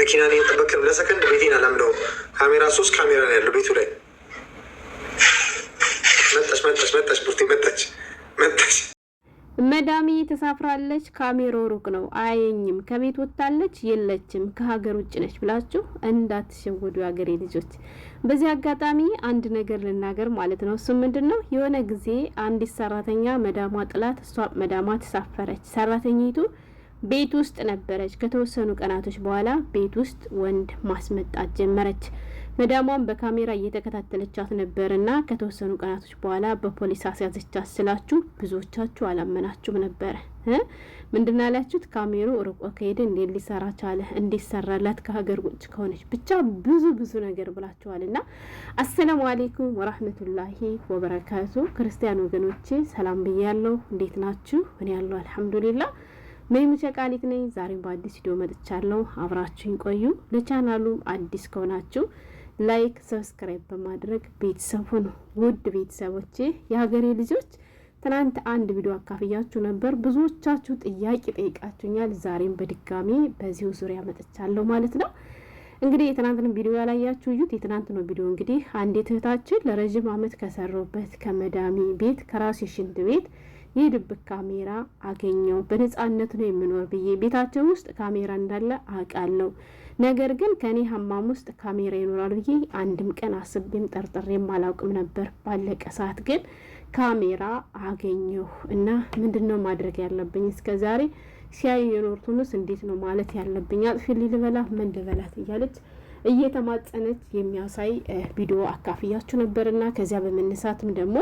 መኪና ላይ የጠበክ ነው። ለሰከንድ ቤቴን አላምነውም። ካሜራ ሶስት ካሜራ ነው ያለው ቤቱ ላይ። መጣች መጣች መጣች ቡርቴ መጣች መጣች። መዳሜ ተሳፍራለች። ካሜሮ ሩቅ ነው አየኝም። ከቤት ወጥታለች የለችም፣ ከሀገር ውጭ ነች ብላችሁ እንዳትሸወዱ የሀገሬ ልጆች። በዚህ አጋጣሚ አንድ ነገር ልናገር ማለት ነው። እሱም ምንድን ነው፣ የሆነ ጊዜ አንዲት ሰራተኛ መዳሟ ጥላት፣ እሷ መዳሟ ተሳፈረች። ሰራተኝቱ ቤት ውስጥ ነበረች። ከተወሰኑ ቀናቶች በኋላ ቤት ውስጥ ወንድ ማስመጣት ጀመረች። መዳሟን በካሜራ እየተከታተለቻት ነበር እና ከተወሰኑ ቀናቶች በኋላ በፖሊስ አስያዘቻት ስላችሁ ብዙዎቻችሁ አላመናችሁም ነበረ። ምንድን ያላችሁት? ካሜሩ ርቆ ከሄደ እንዴት ሊሰራ ቻለ? እንዴት ሰራላት? ከሀገር ውጭ ከሆነች ብቻ ብዙ ብዙ ነገር ብላችኋል። እና አሰላሙ አሌይኩም ወራህመቱላሂ ወበረካቱ ክርስቲያን ወገኖቼ ሰላም ብያለሁ። እንዴት ናችሁ? እኔ ያለሁ አልሐምዱሊላህ። መይሙቻ ቃሊት ነኝ። ዛሬም በአዲስ ቪዲዮ መጥቻለሁ። አብራችሁኝ ቆዩ። ለቻናሉ አዲስ ከሆናችሁ ላይክ፣ ሰብስክራይብ በማድረግ ቤተሰብ ሁኑ። ውድ ቤተሰቦቼ፣ የሀገሬ ልጆች፣ ትናንት አንድ ቪዲዮ አካፍያችሁ ነበር። ብዙዎቻችሁ ጥያቄ ጠይቃችሁኛል። ዛሬም በድጋሚ በዚሁ ዙሪያ መጥቻለሁ ማለት ነው። እንግዲህ የትናንትንም ቪዲዮ ያላያችሁ እዩት። የትናንት ነው ቪዲዮ እንግዲህ አንዲት እህታችን ለረዥም ዓመት ከሰሩበት ከመዳሚ ቤት ከራሱ ሽንት ቤት የድብቅ ካሜራ አገኘው። በነጻነት ነው የምኖር ብዬ ቤታቸው ውስጥ ካሜራ እንዳለ አውቃለሁ። ነገር ግን ከኔ ሀማም ውስጥ ካሜራ ይኖራል ብዬ አንድም ቀን አስቤም ጠርጥሬም አላውቅም ነበር። ባለቀ ሰዓት ግን ካሜራ አገኘሁ እና ምንድን ነው ማድረግ ያለብኝ? ዛሬ ሲያዩ የኖርቱን እንዴት ነው ማለት ያለብኝ? አጥፊ ልበላ ምን ልበላት እያለች እየተማጸነች የሚያሳይ ቪዲዮ አካፍያችሁ ነበርና ከዚያ በመነሳትም ደግሞ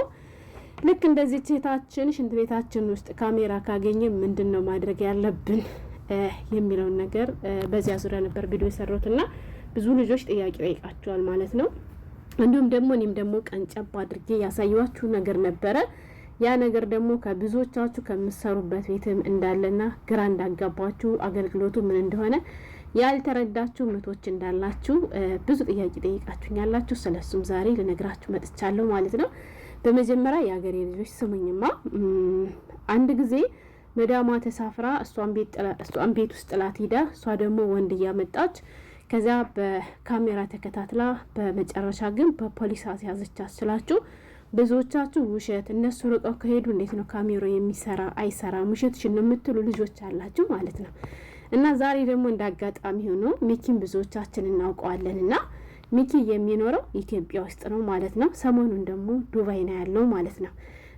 ልክ እንደዚህ ቼታችን ሽንት ቤታችን ውስጥ ካሜራ ካገኘ ምንድን ነው ማድረግ ያለብን የሚለውን ነገር በዚያ ዙሪያ ነበር ቪዲዮ የሰሩት እና ብዙ ልጆች ጥያቄ ጠይቃቸዋል ማለት ነው። እንዲሁም ደግሞ እኔም ደግሞ ቀንጨብ አድርጌ ያሳየኋችሁ ነገር ነበረ። ያ ነገር ደግሞ ከብዙዎቻችሁ ከምሰሩበት ቤትም እንዳለና ግራ እንዳጋባችሁ አገልግሎቱ ምን እንደሆነ ያልተረዳችሁ ምቶች እንዳላችሁ ብዙ ጥያቄ ጠይቃችሁኝ ያላችሁ ስለሱም ዛሬ ልነግራችሁ መጥቻለሁ ማለት ነው። በመጀመሪያ የሀገሬ ልጆች ስሙኝማ፣ አንድ ጊዜ መዳሟ ተሳፍራ እሷን ቤት ውስጥ ጥላት ሂዳ እሷ ደግሞ ወንድ እያመጣች ከዚያ በካሜራ ተከታትላ በመጨረሻ ግን በፖሊስ አስያዘች። አስችላችሁ ብዙዎቻችሁ ውሸት እነሱ ርቀው ከሄዱ እንዴት ነው ካሜራ የሚሰራ አይሰራም፣ ውሸትሽን ነው የምትሉ ልጆች አላችሁ ማለት ነው። እና ዛሬ ደግሞ እንዳጋጣሚ ሆኖ ሚኪን ብዙዎቻችን እናውቀዋለን እና ሚኪ የሚኖረው ኢትዮጵያ ውስጥ ነው ማለት ነው። ሰሞኑን ደግሞ ዱባይ ነው ያለው ማለት ነው።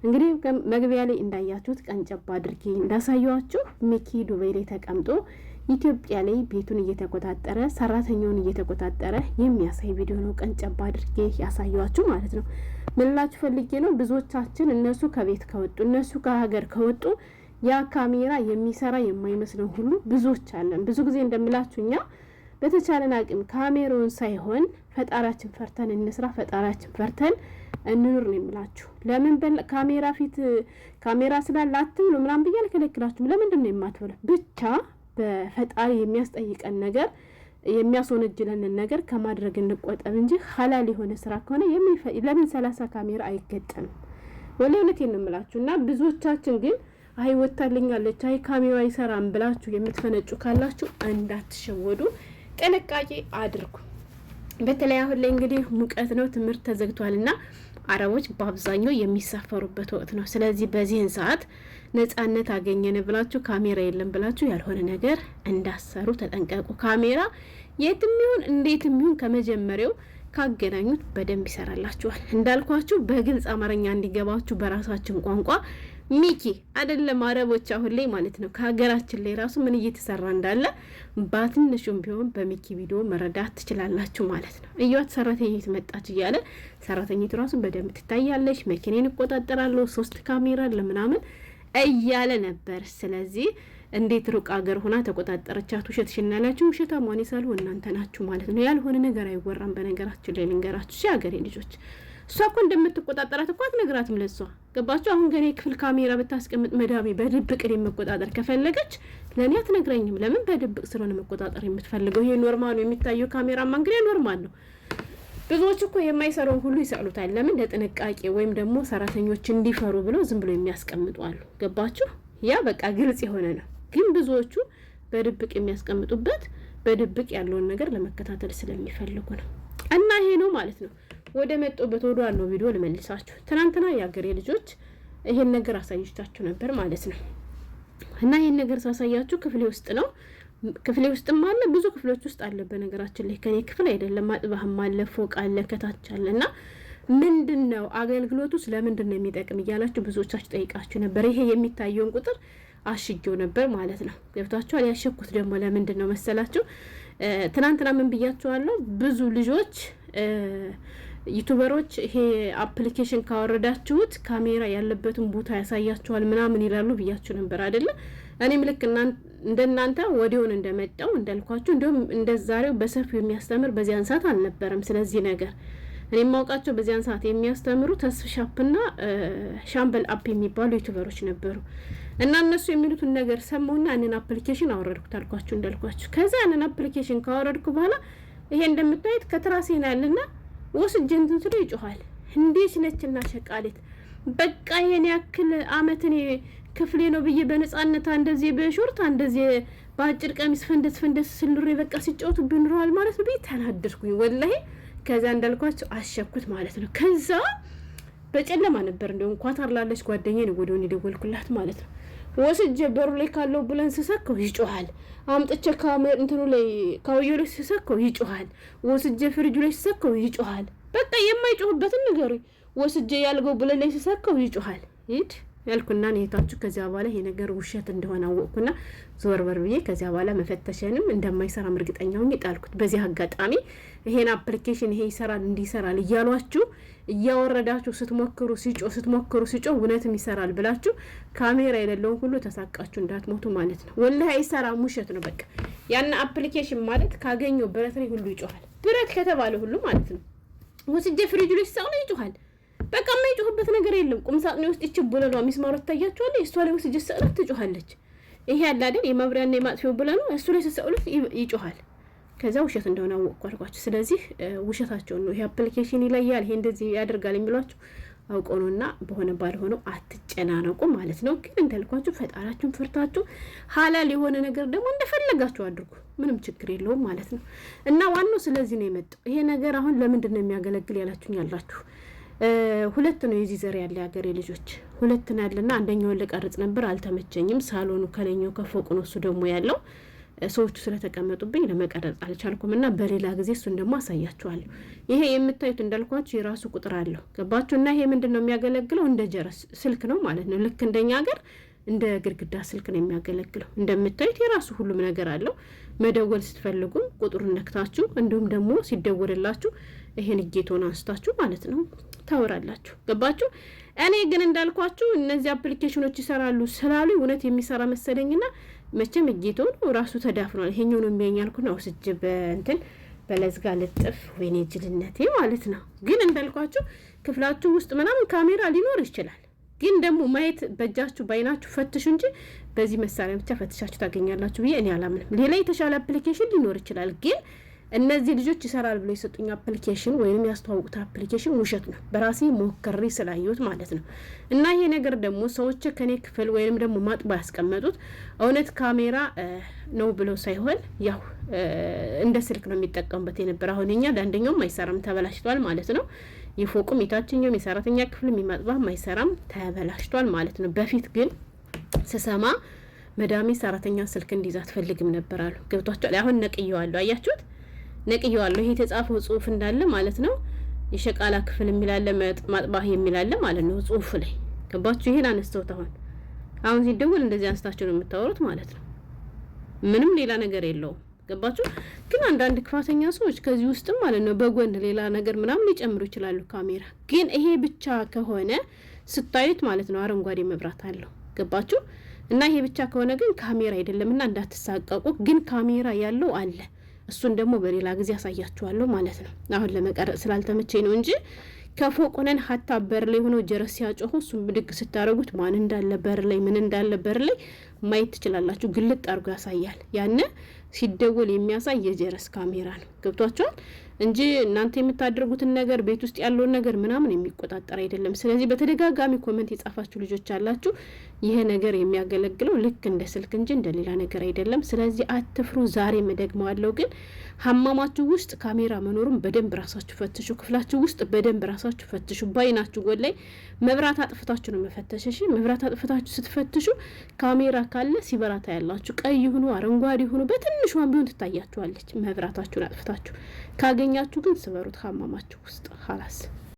እንግዲህ መግቢያ ላይ እንዳያችሁት ቀንጨባ አድርጌ እንዳሳየዋችሁ ሚኪ ዱባይ ላይ ተቀምጦ ኢትዮጵያ ላይ ቤቱን እየተቆጣጠረ ሰራተኛውን እየተቆጣጠረ የሚያሳይ ቪዲዮ ነው። ቀንጨባ አድርጌ ያሳየዋችሁ ማለት ነው። ምንላችሁ ፈልጌ ነው ብዙዎቻችን እነሱ ከቤት ከወጡ እነሱ ከሀገር ከወጡ ያ ካሜራ የሚሰራ የማይመስለው ሁሉ ብዙዎች አለን። ብዙ ጊዜ እንደምላችሁ እኛ በተቻለን አቅም ካሜሮን ሳይሆን ፈጣሪያችን ፈርተን እንስራ፣ ፈጣሪያችን ፈርተን እንኑር ነው የምላችሁ። ለምን ካሜራ ፊት ካሜራ ስላለ አትብሉ ምናምን ብዬ አልከለክላችሁም። ለምንድን ነው የማትበሉ? ብቻ በፈጣሪ የሚያስጠይቀን ነገር የሚያስወነጅለንን ነገር ከማድረግ እንቆጠብ እንጂ ሀላል የሆነ ስራ ከሆነ ለምን ሰላሳ ካሜራ አይገጠምም? ወላ እውነቴን ነው የምላችሁ። እና ብዙዎቻችን ግን አይ ወታልኛለች፣ አይ ካሜራ አይሰራም ብላችሁ የምትፈነጩ ካላችሁ እንዳትሸወዱ። ጥንቃቄ አድርጉ። በተለይ አሁን ላይ እንግዲህ ሙቀት ነው፣ ትምህርት ተዘግቷል አረቦች በአብዛኛው የሚሳፈሩበት ወቅት ነው። ስለዚህ በዚህን ሰዓት ነጻነት አገኘን ብላችሁ ካሜራ የለም ብላችሁ ያልሆነ ነገር እንዳሰሩ ተጠንቀቁ። ካሜራ የትም ይሁን እንዴትም ይሁን ከመጀመሪያው ካገናኙት በደንብ ይሰራላችኋል። እንዳልኳችሁ በግልጽ አማርኛ እንዲገባችሁ በራሳችን ቋንቋ ሚኪ አይደለም አረቦች አሁን ላይ ማለት ነው ከሀገራችን ላይ ራሱ ምን እየተሰራ እንዳለ በትንሹም ቢሆን በሚኪ ቪዲዮ መረዳት ትችላላችሁ ማለት ነው። እያት ሰራተኝት መጣች እያለ ሰራተኝቱ ራሱ በደንብ ትታያለች። መኪናን እቆጣጠራለሁ፣ ሶስት ካሜራ ለምናምን እያለ ነበር። ስለዚህ እንዴት ሩቅ አገር ሆና ተቆጣጠረቻት? ውሸት ሽናላችሁ ውሸታ ማን ይሳሉ እናንተ ናችሁ ማለት ነው። ያልሆነ ነገር አይወራም። በነገራችን ላይ ልንገራችሁ ሀገሬ ልጆች እሷ እኮ እንደምትቆጣጠራት እኮ አትነግራትም ለሷ ገባችሁ አሁን ገና የክፍል ካሜራ ብታስቀምጥ መዳሜ በድብቅ እኔን መቆጣጠር ከፈለገች ለእኔ አትነግረኝም ለምን በድብቅ ስለሆነ መቆጣጠር የምትፈልገው ይሄ ኖርማል ነው የሚታየው ካሜራማ እንግዲህ ኖርማል ነው ብዙዎች እኮ የማይሰራውን ሁሉ ይሰቅሉታል ለምን ለጥንቃቄ ወይም ደግሞ ሰራተኞች እንዲፈሩ ብለው ዝም ብሎ የሚያስቀምጡ አሉ ገባችሁ ያ በቃ ግልጽ የሆነ ነው ግን ብዙዎቹ በድብቅ የሚያስቀምጡበት በድብቅ ያለውን ነገር ለመከታተል ስለሚፈልጉ ነው እና ይሄ ነው ማለት ነው ወደ መጡበት ወደ ዋናው ቪዲዮ ልመልሳችሁ። ትናንትና የአገሬ ልጆች ይሄን ነገር አሳይቻችሁ ነበር ማለት ነው። እና ይሄን ነገር ሳሳያችሁ ክፍሌ ውስጥ ነው። ክፍሌ ውስጥም አለ፣ ብዙ ክፍሎች ውስጥ አለ። በነገራችን ላይ ከኔ ክፍል አይደለም፣ አጥባህም አለ፣ ፎቅ አለ፣ ከታች አለ እና ምንድን ነው አገልግሎቱ ስለምንድን ነው የሚጠቅም እያላችሁ ብዙዎቻችሁ ጠይቃችሁ ነበር። ይሄ የሚታየውን ቁጥር አሽጌው ነበር ማለት ነው። ገብታችኋል። ያሸኩት ደግሞ ለምንድን ነው መሰላችሁ? ትናንትና ምን ብያችኋለሁ? ብዙ ልጆች ዩቱበሮች ይሄ አፕሊኬሽን ካወረዳችሁት ካሜራ ያለበትን ቦታ ያሳያችኋል ምናምን ይላሉ ብያችሁ ነበር አይደለ? እኔም ልክ እንደናንተ ወዲያውን እንደመጣው እንዳልኳችሁ፣ እንዲሁም እንደ ዛሬው በሰፊው የሚያስተምር በዚያን ሰዓት አልነበረም። ስለዚህ ነገር እኔ የማውቃቸው በዚያን ሰዓት የሚያስተምሩ ተስፍ ሻፕና ሻምበል አፕ የሚባሉ ዩቱበሮች ነበሩ እና እነሱ የሚሉትን ነገር ሰማሁና ያንን አፕሊኬሽን አወረድኩት አልኳችሁ እንዳልኳችሁ። ከዚያ ያንን አፕሊኬሽን ካወረድኩ በኋላ ይሄ እንደምታዩት ከትራሴ ነው ያለና ወስ ጀንትን ስሎ ይጮኋል። እንዴች ነችና ሸቃሌት በቃ የኔ ያክል አመትኔ ክፍሌ ነው ብዬ በነጻነት እንደዚህ በሾርት እንደዚህ በአጭር ቀሚስ ፈንደስ ፈንደስ ስንሬ በቃ ሲጫወቱ ብንሯል ማለት ነው ብዬ ተናደድኩኝ ወላሂ። ከዛ እንዳልኳቸው አሸኩት ማለት ነው። ከዛ በጨለማ ነበር እንዲሁም ኳታር ላለች ጓደኛዬ ነው ወደውን ደወልኩላት ማለት ነው። ወስጄ በሩ ላይ ካለው ብለን ስሰከው ይጮሃል። አምጥቼ እንትኑ ላይ ካውየ ላይ ስሰከው ይጮሃል። ወስጄ ፍሪጁ ላይ ስሰከው ይጮሃል። በቃ የማይጮህበትን ንገሩኝ። ወስጄ ያልገው ብለን ላይ ስሰከው ይጮሃል። ሂድ ያልኩና ኔታችሁ ከዚያ በኋላ ይሄ ነገር ውሸት እንደሆነ አወቅኩና ዞር በር ብዬ ከዚያ በኋላ መፈተሸንም እንደማይሰራም እርግጠኛ ሆኜ ጣልኩት። በዚህ አጋጣሚ ይሄን አፕሊኬሽን ይሄ ይሰራል እንዲሰራል እያሏችሁ እያወረዳችሁ ስትሞክሩ ሲጮ ስትሞክሩ ሲጮ እውነትም ይሰራል ብላችሁ ካሜራ የሌለውን ሁሉ ተሳቃችሁ እንዳትሞቱ ማለት ነው። ወላሂ አይሰራም፣ ውሸት ነው በቃ። ያን አፕሊኬሽን ማለት ካገኘው ብረት ላይ ሁሉ ይጮኋል። ብረት ከተባለ ሁሉ ማለት ነው። ወስጄ ፍሪጅ ውስጥ ሰው ነው ይጮሃል። በቃ የምሰራበት ነገር የለም። ቁም ሳጥኔ ውስጥ ይች ቡለኗ ሚስማሮት ታያችኋለ። እሷ ላይ ውስጥ ጅ ትጮኋለች። ይሄ ያለ አይደል የማብሪያና የማጥፊው ቡለኗ እሱ ላይ ስትሰቅሉት ይጮኋል። ከዛ ውሸት እንደሆነ አወቅኩ አልኳቸው። ስለዚህ ውሸታቸውን ነው ይሄ አፕሊኬሽን ይለያል፣ ይሄ እንደዚህ ያደርጋል የሚሏቸው አውቆ ነው። እና በሆነ ባልሆነው አትጨናነቁ ማለት ነው። ግን እንዳልኳችሁ ፈጣሪያችሁን ፍርታችሁ ሀላል የሆነ ነገር ደግሞ እንደፈለጋችሁ አድርጉ። ምንም ችግር የለውም ማለት ነው። እና ዋናው ስለዚህ ነው የመጣው ይሄ ነገር። አሁን ለምንድን ነው የሚያገለግል ያላችሁኝ ያላችሁ ሁለት ነው የዚህ ዘር ያለ ሀገሬ ልጆች ሁለት ነው ያለና አንደኛውን ልቀርጽ ነበር አልተመቸኝም። ሳሎኑ ከላይኛው ከፎቅ ነው እሱ ደግሞ ያለው ሰዎቹ ስለተቀመጡብኝ ለመቀረጽ አልቻልኩም እና በሌላ ጊዜ እሱን ደግሞ አሳያችኋለሁ። ይሄ የምታዩት እንዳልኳችሁ የራሱ ቁጥር አለው ገባችሁ? እና ይሄ ምንድን ነው የሚያገለግለው? እንደ ጀረስ ስልክ ነው ማለት ነው። ልክ እንደኛ ሀገር እንደ ግድግዳ ስልክ ነው የሚያገለግለው። እንደምታዩት የራሱ ሁሉም ነገር አለው። መደወል ስትፈልጉም ቁጥሩን ነክታችሁ እንዲሁም ደግሞ ሲደወልላችሁ ይሄን እጌቶን አንስታችሁ ማለት ነው ታወራላችሁ። ገባችሁ? እኔ ግን እንዳልኳችሁ እነዚህ አፕሊኬሽኖች ይሰራሉ ስላሉ እውነት የሚሰራ መሰለኝና መቼም እጌቶ ነው ራሱ ተዳፍኗል። ይሄኛው ነው የሚያኛልኩና ወስጅ በእንትን በለዝጋ ልጥፍ ወይኔ ጅልነቴ ማለት ነው። ግን እንዳልኳችሁ ክፍላችሁ ውስጥ ምናምን ካሜራ ሊኖር ይችላል። ግን ደግሞ ማየት በእጃችሁ በአይናችሁ ፈትሹ እንጂ በዚህ መሳሪያ ብቻ ፈትሻችሁ ታገኛላችሁ ብዬ እኔ አላምንም። ሌላ የተሻለ አፕሊኬሽን ሊኖር ይችላል ግን እነዚህ ልጆች ይሰራል ብሎ የሰጡኝ አፕሊኬሽን ወይም ያስተዋውቁት አፕሊኬሽን ውሸት ነው፣ በራሴ ሞከሬ ስላየሁት ማለት ነው። እና ይሄ ነገር ደግሞ ሰዎች ከኔ ክፍል ወይም ደግሞ ማጥባ ያስቀመጡት እውነት ካሜራ ነው ብሎ ሳይሆን ያው እንደ ስልክ ነው የሚጠቀሙበት የነበረ አሁን እኛ ለአንደኛውም አይሰራም ተበላሽቷል ማለት ነው። የፎቁም የታችኛውም የሰራተኛ ክፍል የማጥባም አይሰራም ተበላሽቷል ማለት ነው። በፊት ግን ስሰማ መዳሜ ሰራተኛ ስልክ እንዲዛ አትፈልግም ነበር አሉ። ገብቷቸዋል። አሁን ነቅየዋለሁ። አያችሁት? ነቅየዋለሁ። ይሄ የተጻፈው ጽሁፍ እንዳለ ማለት ነው። የሸቃላ ክፍል የሚላለ ማጥባህ የሚላለ ማለት ነው ጽሁፍ ላይ ገባችሁ። ይሄን አነስተውት አሁን አሁን ሲደውል እንደዚህ አንስታችሁ ነው የምታወሩት ማለት ነው። ምንም ሌላ ነገር የለውም። ገባችሁ። ግን አንዳንድ ክፋተኛ ሰዎች ከዚህ ውስጥም ማለት ነው በጎን ሌላ ነገር ምናምን ሊጨምሩ ይችላሉ። ካሜራ ግን ይሄ ብቻ ከሆነ ስታዩት ማለት ነው አረንጓዴ መብራት አለው። ገባችሁ። እና ይሄ ብቻ ከሆነ ግን ካሜራ አይደለም እና እንዳትሳቀቁ። ግን ካሜራ ያለው አለ እሱን ደግሞ በሌላ ጊዜ አሳያችኋለሁ ማለት ነው። አሁን ለመቀረጽ ስላልተመቸኝ ነው እንጂ ከፎቅ ሆነን ሀታ በር ላይ ሆኖ ጀረስ ሲያጮሁ እሱን ብድግ ስታደረጉት ማን እንዳለ በር ላይ ምን እንዳለ በር ላይ ማየት ትችላላችሁ። ግልጥ አድርጎ ያሳያል። ያነ ሲደወል የሚያሳይ የጀረስ ካሜራ ነው። ገብቷችኋል? እንጂ እናንተ የምታደርጉትን ነገር ቤት ውስጥ ያለውን ነገር ምናምን የሚቆጣጠር አይደለም። ስለዚህ በተደጋጋሚ ኮመንት የጻፋችሁ ልጆች አላችሁ። ይሄ ነገር የሚያገለግለው ልክ እንደ ስልክ እንጂ እንደ ሌላ ነገር አይደለም። ስለዚህ አትፍሩ። ዛሬ እደግመዋለሁ፣ ግን ሀማማችሁ ውስጥ ካሜራ መኖሩን በደንብ ራሳችሁ ፈትሹ። ክፍላችሁ ውስጥ በደንብ ራሳችሁ ፈትሹ። ባይናችሁ ጎን ላይ መብራት አጥፍታችሁ ነው መፈተሸሽ። መብራት አጥፍታችሁ ስትፈትሹ ካሜራ ካለ ሲበራታ ያላችሁ ቀይ ሁኑ አረንጓዴ ሁኑ በትንሿን ቢሆን ትታያችኋለች። መብራታችሁን አጥፍታችሁ ከተገኛችሁ ግን ስበሩት ከአማማችሁ ውስጥ ሀላስ